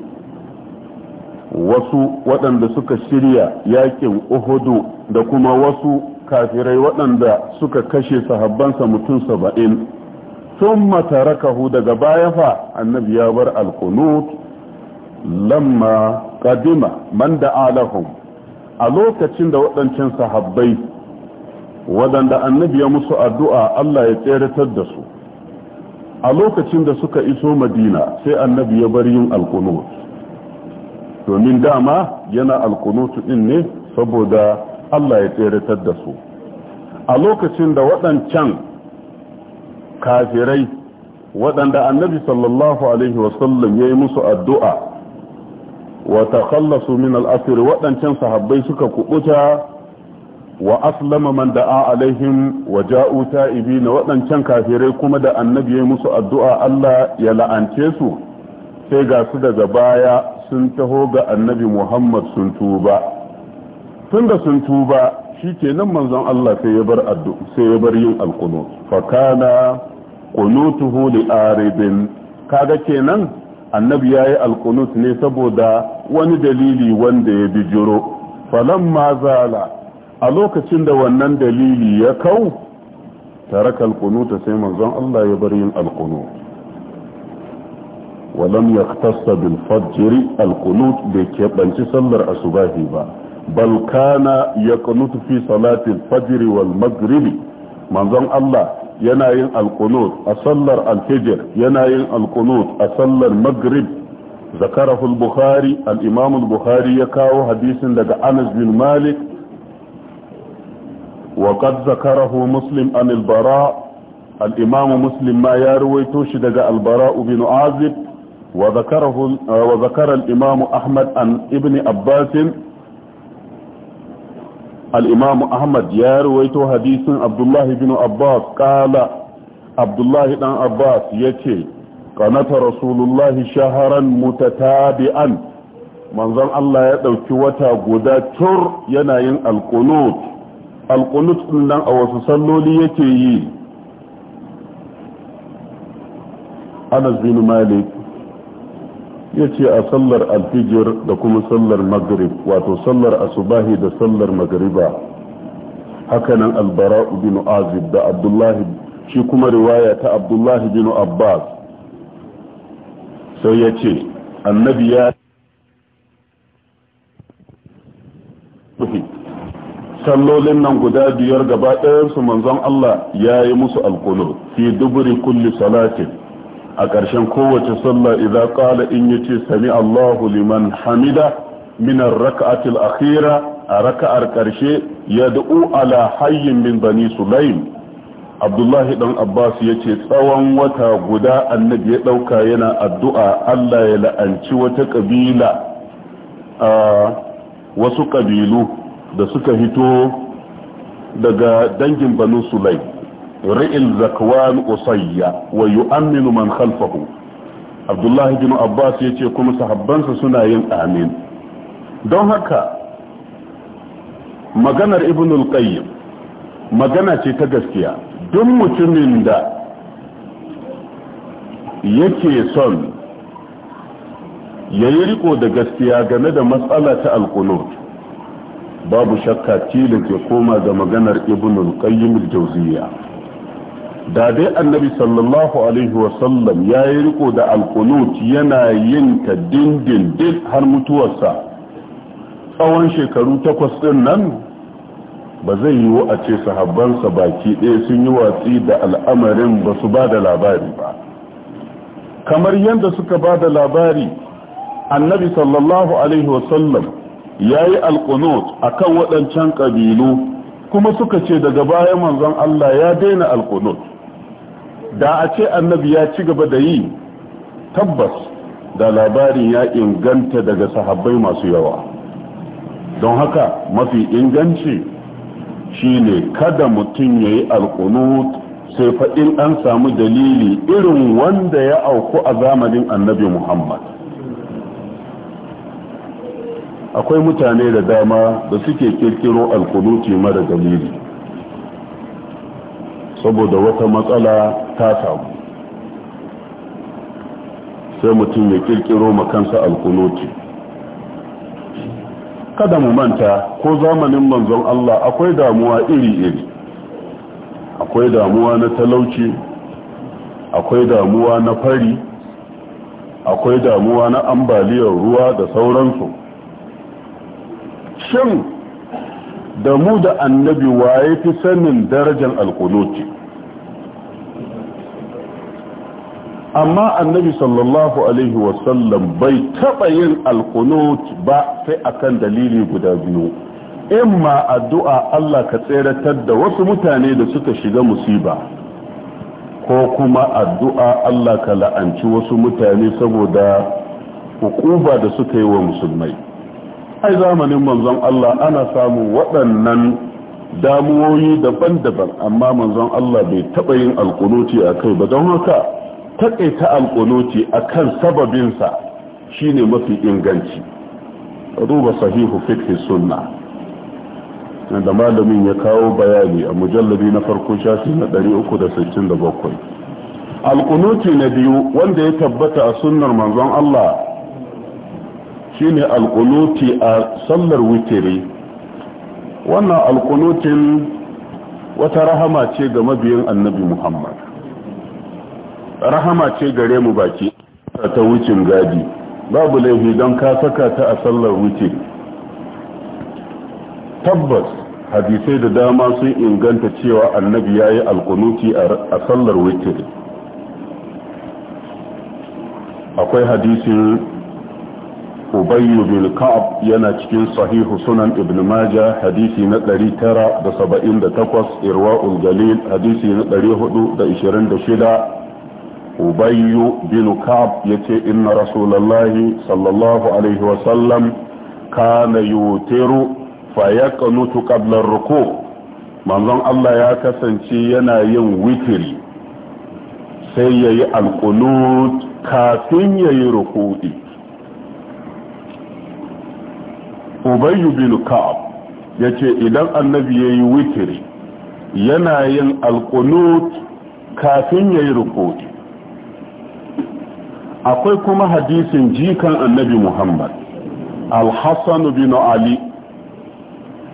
wasu waɗanda suka shirya yaƙin uhudu da kuma wasu kafirai waɗanda suka kashe sahabbansa mutum saba'in sun matarakahu daga baya fa annabi ya bar alkunut lamma kadima man da a lokacin da waɗancan sahabbai waɗanda annabi ya musu addu'a Allah ya tseratar da su a lokacin da suka iso madina sai annabi ya bar yin alkunut domin dama yana alkunut ɗin ne saboda Allah ya tseratar da su a lokacin da waɗancan kafirai waɗanda annabi sallallahu alaihi wasallam ya yi musu addu'a wa takhallasu min al'asir waɗancan sahabbai suka kubuta wa aslama man da'a alaihim wa ja'u na waɗancan kafirai kuma da annabi ya yi musu addu'a Allah ya la'ance su sai ga su daga baya sun taho ga annabi Muhammad sun tuba tun da sun tuba shi ke manzon Allah sai ya bar sai ya bar yin alqunut fa kana qunutuhu li aribin kaga kenan annabi yayi alqunut ne saboda wani dalili wanda ya bijiro falamma zala a lokacin da wannan dalili ya kau taraka alqunuta sai manzon Allah ya bar yin alqunut walam yaqtasa bil fajr alqunut bai keɓanci sallar asubahi ba بل كان يقنط في صلاة الفجر والمغرب من ظن الله ينائن القنوط أصلر الفجر ينائن القنوط أصلر مغرب ذكره البخاري الإمام البخاري يكاو حديث لدى أنس بن مالك وقد ذكره مسلم عن البراء الإمام مسلم ما يروي توشي لدى البراء بن عازب وذكره آه، وذكر الإمام أحمد عن ابن أباس الإمام أحمد يرويته حديث عبد الله بن عباس قال عبد الله بن عباس يتي rasulullahi رسول الله شهرا متتابعا manzon Allah ya ɗauki wata guda tur yana yin alkunut nan a wasu salloli yake yi anas bin malik ya ce a sallar alfijir da kuma sallar maghrib wato sallar asubahi da sallar magriba hakanan albara bin azib da abdullahi shi kuma riwaya ta abdullahi bin abbas sai ya ce annabi ya sallolin nan guda biyar gaba ɗayansu manzon Allah ya yi musu alkunu fi duburi kulli salatin a ƙarshen kowace sallah idza qala in yace sami Allahu liman hamida minar ar akhira a raka'ar ƙarshe yad'u ala hayyin min bani sulaim Abdullahi dan Abbas yace tsawon wata guda annabi ya dauka yana addu'a Allah ya la'anci wata kabila a wasu ƙabilu da suka hito daga dangin banu sulaim ri'il zakwan usayya wa yu'minu man khalfahu abdullah ibn abbas yace kuma sahabbansa suna yin amin don haka maganar ibn al-qayyim magana ce ta gaskiya duk mutumin da yake son yayi riko da gaskiya game da matsala ta al-qunut babu shakka tilin ke koma ga maganar ibn al-qayyim al da dai annabi sallallahu alaihi wasallam ya yi riko da alkunut yana yin ta dindindin har mutuwarsa tsawon shekaru takwas ɗin nan ba zai yiwu a ce sahabbansa baki ɗaya sun yi watsi da al'amarin ba su ba da labari ba kamar yadda suka ba da labari annabi sallallahu alaihi wasallam ya yi alkunut a kan waɗancan ƙabilu kuma suka ce daga baya manzon Allah ya daina alkunut da a ce annabi ya ci gaba da yi tabbas da labarin ya inganta daga sahabbai masu yawa don haka mafi inganci shine kada mutum ya yi alkunut sai faɗin an samu dalili irin wanda ya auku a zamanin annabi muhammad akwai mutane da dama da suke kirkiro alkunuti mara dalili saboda wata matsala ta samu sai mutum ya kirkiro makansa alkunuti kada mu manta ko zamanin manzon Allah akwai damuwa iri-iri akwai damuwa na talauci akwai damuwa na fari akwai damuwa na ambaliyar ruwa da sauransu shin da mu da annabi waye fi sanin darajar alkunuti amma annabi sallallahu alaihi wasallam bai taɓa yin alkunut ba sai akan dalili guda biyu imma addu'a Allah ka tseratar da wasu mutane da suka shiga musiba ko kuma addu'a Allah ka la'anci wasu mutane saboda hukuba da suka yi wa musulmai ai zamanin manzon Allah ana samun waɗannan damuwoyi daban-daban amma manzon Allah bai taɓa yin alkunuti a kai ba don haka taƙaita alƙunuti a kan sababinsa shi ne mafi inganci duba sahihu fiqh sunna da malamin ya kawo bayani a mujallabi na farko shafi na 367 alƙunuti na biyu wanda ya tabbata a sunnar manzon Allah shine alkunuti a sallar witiri wannan alƙunutin wata rahama ce ga mabiyin annabi Muhammad rahama ce gare mu baki ta wucin gadi babu laifi don ka saka ta a sallar wuce tabbas hadisai da dama sun inganta cewa annabi ya yi alkunuti a sallar wuce akwai hadisin ubayyu bin ka'ab yana cikin sahihu sunan ibn maja hadisi na 978 irwa'ul galil hadisi na 426 أبي بن كعب يتي إن رسول الله صلى الله عليه وسلم كان يوتر فيقنت قبل الركوع manzon Allah ya kasance yana yin witiri sai ya yi alkunut kafin ya yi rukudi ubayyu bin ka'ab ya ce idan annabi ya yi witiri yana yin alkunut kafin ya yi rukudi akwai kuma hadisin jikan annabi muhammad al-hassan bin ali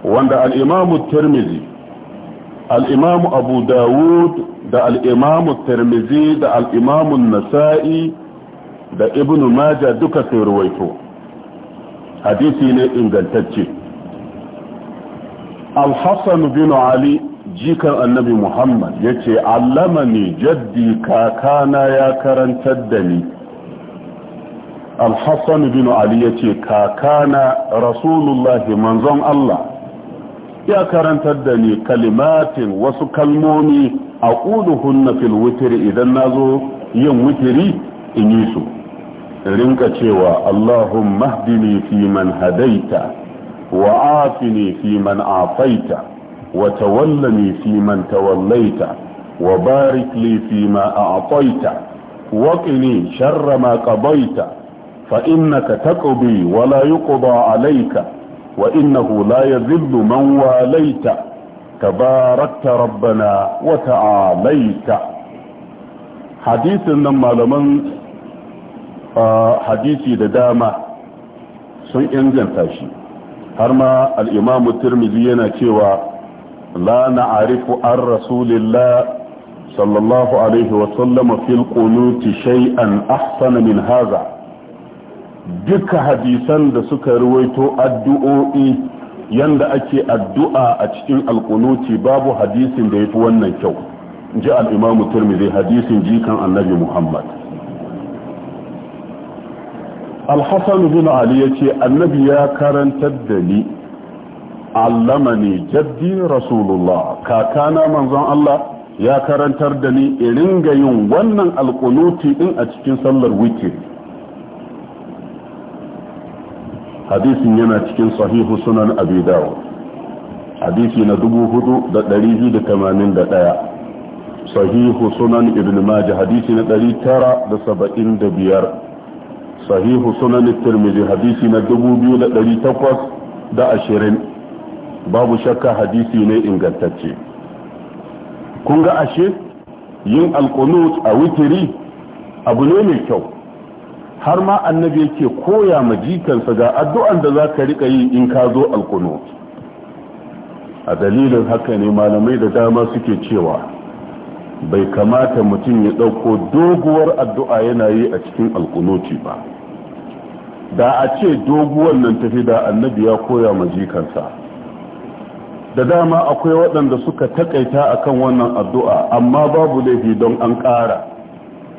wanda al'imamu tirmizi al'imamu abu dawud da al'imamu tirmizi da al'imamu nasa'i da ibn maja duka sai ruwaito hadisi ne ingantacce al-hassan bin ali jikan annabi muhammad ya ce allama ne jaddi kakana ya karantar da ni alhassan bin ali ya ce kakana rasulullahi manzon Allah ya karantar da ni kalimatin wasu kalmomi a ƙuduhunna fil filwitiri idan na zo yin wutiri in yi su rinka cewa allahumma hdini fi man hadaita wa afini fi man afaita wa tawallani fi man tawallaita wa barik li fi ma a'taita wa qini sharra ma qadaita فانك تقضي ولا يقضى عليك وانه لا يذل من واليت تباركت ربنا وتعاليت حديث لما لمن آه، حديثي لداما سن انجن تاشي هرما الامام الترمذي ينا كيوا لا نعرف عن رسول الله صلى الله عليه وسلم في القنوت شيئا احسن من هذا duka hadisan da suka ruwaito addu'o'i yanda ake addu'a a cikin alkunuti babu hadisin da ya fi wannan kyau ji al'imamu turmizi hadisin jikan annabi muhammad alhassan bin ali ya ce annabi ya karantar da ni allamani jaddi rasulullah kakana manzon allah ya karantar da ni in ringa yin wannan alkunuti din a cikin sallar wikiri hadisin yana cikin sahihu sunan abu dawo hadisi na 4281 sahihu sunan ibn majah hadisi na 975 sahihu sunan tirmidhi hadisi na 2820 babu shakka hadisi ne ingantacce kun ga ashe yin alkunut a witiri abu ne mai kyau har ma annabi yake koya ma jikansa ga addu'an da za ka riƙa yi in ka zo alkuno a dalilin haka ne malamai da dama suke cewa bai kamata mutum ya ɗauko doguwar addu'a yana yi a cikin alkunoci ba da a ce doguwar nan tafi da annabi ya koya ma jikansa da dama akwai waɗanda suka taƙaita akan wannan addu'a amma babu laifi don an ƙara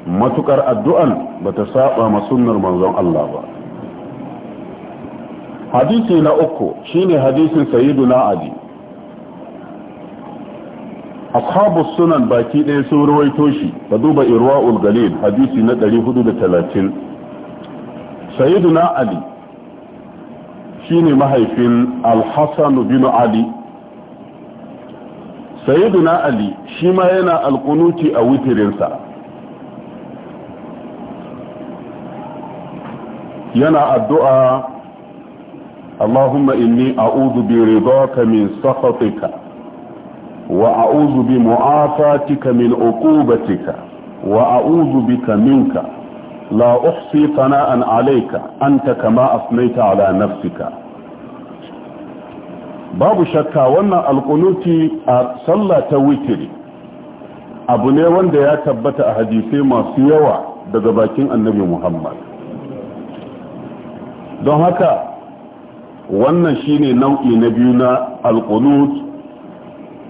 matukar addu'an ba ta saba ma manzon Allah ba hadisi na uku shine hadisin sayyiduna ali ashabu sunan baki ɗaya sun ruwaito shi ka duba irwa'ul galil hadisi na 430 sayyiduna ali shine mahaifin Alhassan hasan bin ali sayyiduna ali shi ma yana alkunuti a witirinsa yana addu'a Allahumma inni a'udhu bi ridaka min sakhatika wa a'udhu bi mu'afatika min uqubatika wa a'udhu bika minka la uhsi thana'an an ta kama asnaita 'ala nafsika babu shakka wannan alkunuti a sallah ta abu ne wanda ya tabbata a hadisai masu yawa daga bakin annabi Muhammad don haka wannan shine nau'i na biyu na alkunut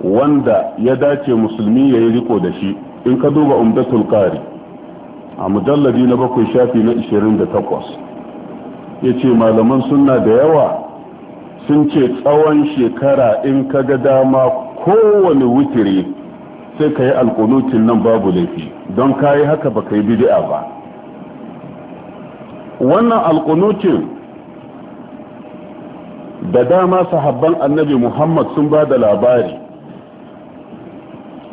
wanda ya dace musulmi ya yi riko da shi in ka duba umdatul kari a mujalladi na bakwai shafi na 28 ya ce malaman sunna da yawa sun ce tsawon shekara in ka ga dama kowane wutiri sai ka yi alkunutin nan babu laifi don ka yi haka ba ka yi bidi'a ba wannan alkunutin da dama sahabban annabi muhammad sun ba da labari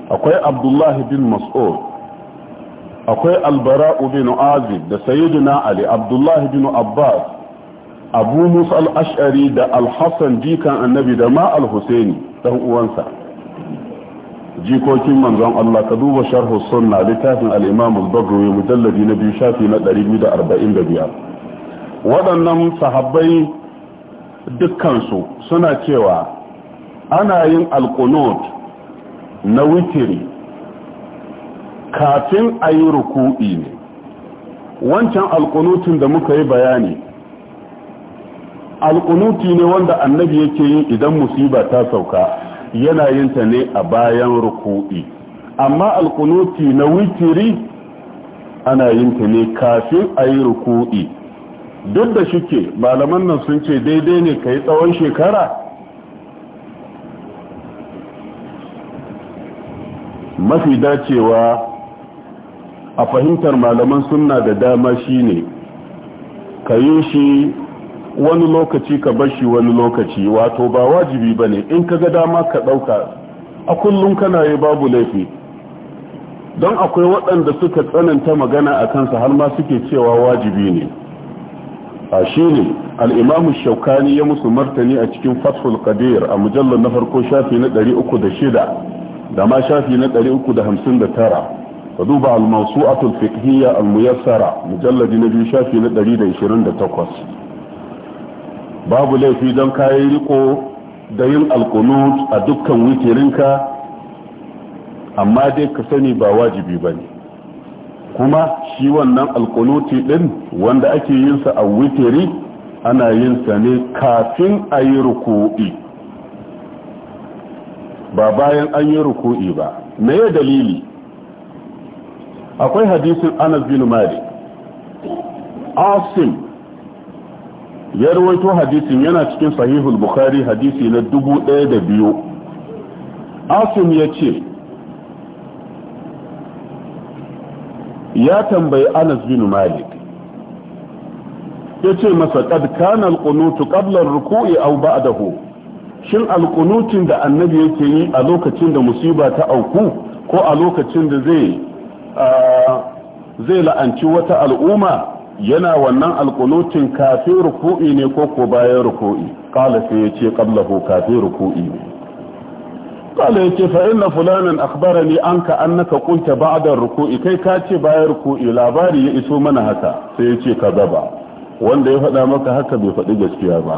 akwai abdullahi bin mas'ud akwai albara'u bin azib da sayyiduna ali abdullahi bin abbas abu musa da alhassan jikan annabi da ma al-husaini dan uwansa jikokin manzon Allah ka duba sharhu sunna littafin al-imam al-bagawi mujalladi na biyu shafi na 245 waɗannan sahabbai dukkansu suna cewa ana yin alkunut na witiri kafin a yi ruku'i ne wancan alkunutun da muka yi bayani alkunuti ne wanda annabi yake yi idan musiba ta sauka yana yin ne a bayan ruku'i amma alkunuti na witiri ana yin ne kafin a yi rukuɗi. duk da shuke malaman nan sun ce daidai ne ka yi tsawon shekara mafi dacewa a fahimtar malaman suna da dama shine ka yi shi wani lokaci ka bar shi wani lokaci wato ba wajibi ba ne in ka ga dama ka ɗauka a kullum kana yi babu laifi don akwai waɗanda suka tsananta magana a kansa har ma suke cewa wajibi ne a shi ne al'imamu shaukani ya musu martani a cikin fathul qadir a mujallar na farko shafi na 306 da ma shafi na 359 ka duba al-mawsu'atul fiqhiyya al-muyassara mujalladi na biyu shafi na 128 babu laifi don kayan riko da yin alkunut a dukkan wikirinka amma dai ka sani ba wajibi ba ne kuma shi wannan alkuluti din wanda ake yin sa a witiri ana yin sa ne kafin a yi ruku'i ba bayan an yi ruku'i ba me ya dalili akwai hadisin anas bin malik asim ya rawaito hadisin yana cikin sahihul bukhari hadisi na dubu ɗaya da biyu asim ya ce ya tambayi Anas bin Malik ya ce masa kad kana al-qunutu qabla ar-ruku'i aw ba'dahu shin al da annabi yake yi a lokacin da musiba ta auku ko a lokacin da zai zai la'anci wata al'umma yana wannan alƙunutin kafin ruku'i ne ko ko bayan ruku'i qala sai ya ce ƙablahu kafin ruku'i ne kala yace fa inna fulanan akhbarani anka annaka qulta ba'da ruku'i kai ka ce bayan ruku'i labari ya iso mana haka sai yace ka kadaba wanda ya faɗa maka haka bai faɗi gaskiya ba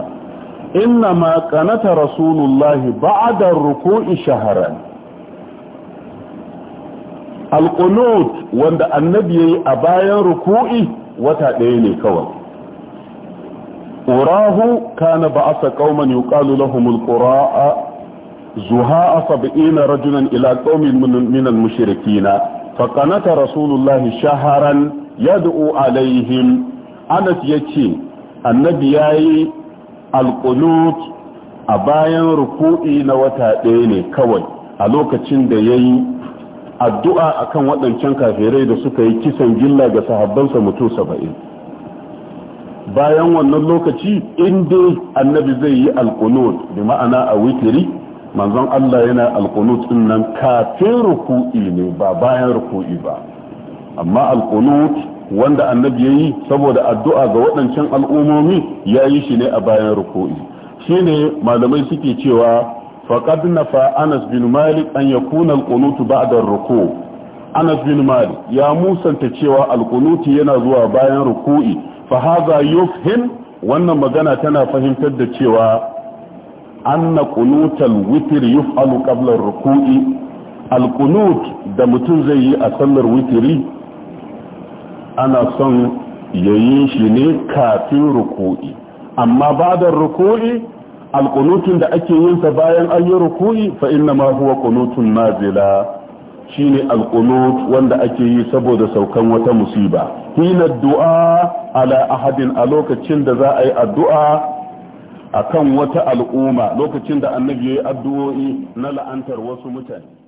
innama kanata qanata rasulullahi ba'da ruku'i shaharan alkunut wanda annabi yayi a bayan ruku'i wata ɗaya ne kawai urahu kana ba'asa qauman yuqalu lahumul qura'a زهاء سبعين رجلا إلى قوم من المشركين فقنت رسول الله شهرا يدعو عليهم أنس يتي النبي ياي القنوت أباين ركوئي نوتائيني كوي ألوك تشند يي الدعاء أكن وطن شنكا في ريد سكي كسن جلا جسهبان سمتو سبعين bayan wannan lokaci in dai annabi zai yi alkunut bi ma'ana a witiri manzon Allah yana alqunut din nan kafin ruku'i ne ba bayan ruku'i ba amma alqunut wanda annabi yayi saboda addu'a ga waɗancan al'umomi yi shi ne a bayan ruku'i shine malamai suke cewa faqad nafa Anas bin Malik an yakuna ba dan ruku Anas bin Malik ya musanta cewa alqunut yana zuwa bayan ruku'i fa haza yufhim wannan magana tana fahimtar da cewa anna qunutal witr yuf'alu qabla ruku'i alkunut da mutum zai yi a sallar witri ana son yayi shi ne kafin ruku'i amma ba'da ruku'i alqunutun da ake yin sa bayan an yi ruku'i fa inna ma huwa qunutun nazila shine alkunut wanda ake yi saboda saukan wata musiba hina du'a ala ahadin a lokacin da za a yi addu'a akan wata al'umma lokacin da annabi ya yi addu'o'i na la'antar wasu mutane